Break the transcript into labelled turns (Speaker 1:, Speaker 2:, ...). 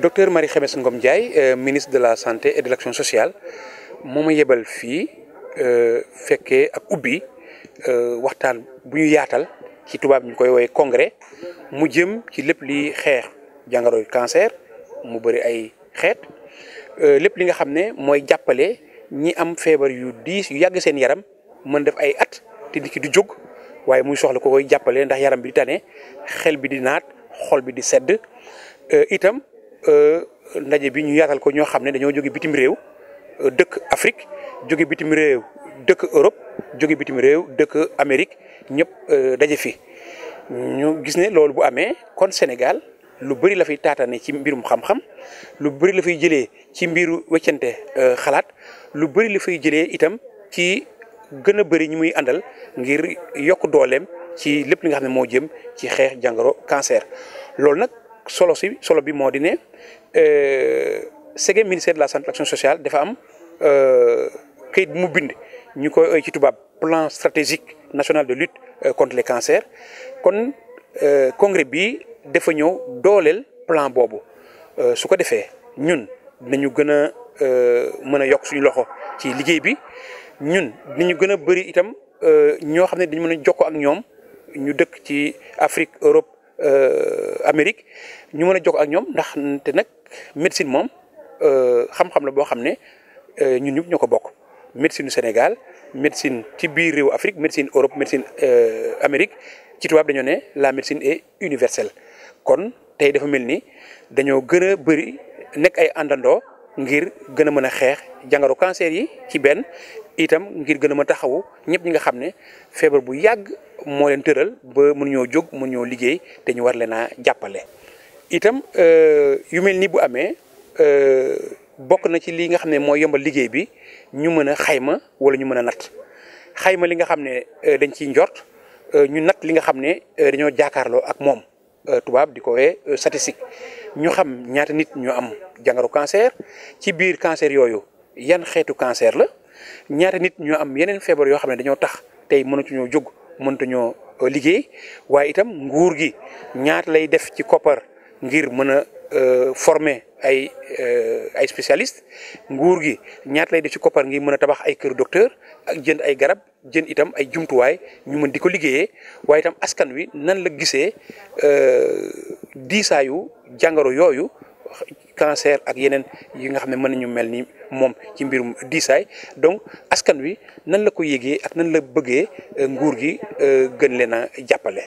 Speaker 1: docteur Marie Khemesse Ngom Ndiaye euh, ministre de la santé et de l'action sociale moo ma yebal fii euh, fekkee ak ubbi euh, waxtaan bu ñu yaatal ci tubaab ñu koy woowee congrès mu jëm ci lepp li xeex jangaro cancer mu bari ay xet euh lepp li nga xamné moy mooy ñi am fièvre yu diis yu yag seen yaram mën def ay at té di ki du jog waye muy soxla ko koy jàppale ndax yaram bi di xel bi di naat xol bi di sedd euh itam Euh, ndaje bi ñu yaatal ko ñoo xam ne dañoo jóge bitim réew euh, dëkk Afrique jóge bitim réew dëkk Europe jóge bitim réew dëkk Amérique ñëpp euh, daje fi ñu gis ne loolu bu amee kon Sénégal lu bëri la fiy taataane ci mbirum xam-xam lu bari la fiy jëlee ci mbiru weccante xalaat lu bëri la fiy jëlee itam ci gën a bëri ñi muy àndal ngir yokk dooleem ci lépp li nga xam ne moo jëm ci xeex jàngoro cancer loolu nag solo si solo bi moo di ne euh, sege ministère de la santé action sociale dafa am euh, këyit mu bind ñu koy oy euh, ci tubaab plan stratégique national de lutte contre les cancers kon congrès bi dafa ñëw dooleel plan boobu su ko defee ñun dinañu gën a mën a yokk suñu loxo ci liggéey bi ñun dinañu gën a bëri itam ñoo xam ne dañu mën a jokkoo ak ñoom ñu dëkk ci Afrique Europe euh, Amérique ñu mën a jox ak ñom ndax té nak médecine euh xam-xam la bo xamné ne euh, ñun ñup ñoko bok médecine du Sénégal médecine ci biir réew Afrique médecine Europe médecine euh, Amérique ci tuwab dañu ne la médecine est universelle kon tay dafa melni dañu dañoo gën a bëri nekk ay àndandoo. ngir gën a mën a xeex jàngoro cancer yi ci benn itam ngir gën a mën a taxawu ñëpp ñi nga xam ne feebar bu yàgg moo leen tëral ba mënuñoo jóg mënuñoo liggéey te ñu war leen jàppale. itam euh, yu mel ni bu amee euh, bokk na ci li nga xam ne mooy yombal liggéey bi ñu mën a xayma wala ñu mën a natt xayma li nga xam ne euh, dañ ciy njort ñu natt li nga xam ne dañoo jaakaarloo ak moom tubaab di ko wee ñu xam ñaata nit ñu am jàngaru cancer ci biir cancer yooyu yan xeetu cancer la ñaata nit ñu am yeneen feebar yoo xam ne dañoo tax tey mënatuñoo jóg mënatuñoo euh, liggéey waaye itam nguur gi ñaata lay def ci koppar ngir mën a euh, former ay euh, ay spécialistes nguur gi ñaata lay def ci koppar ngi mën a tabax ay kër docteur ak jënd ay garab jën itam ay jumtuwaay ñu mën di ko liggéeyee waaye itam askan wi nan la gisee euh, diisaayu jàngoro yooyu cancer ak yeneen yi nga xam ne mën nañu mel ni moom ci mbirum diisaay donc askan wi nan la ko yégee ak nan la bëggee euh, nguur gi gën leen a jàppale.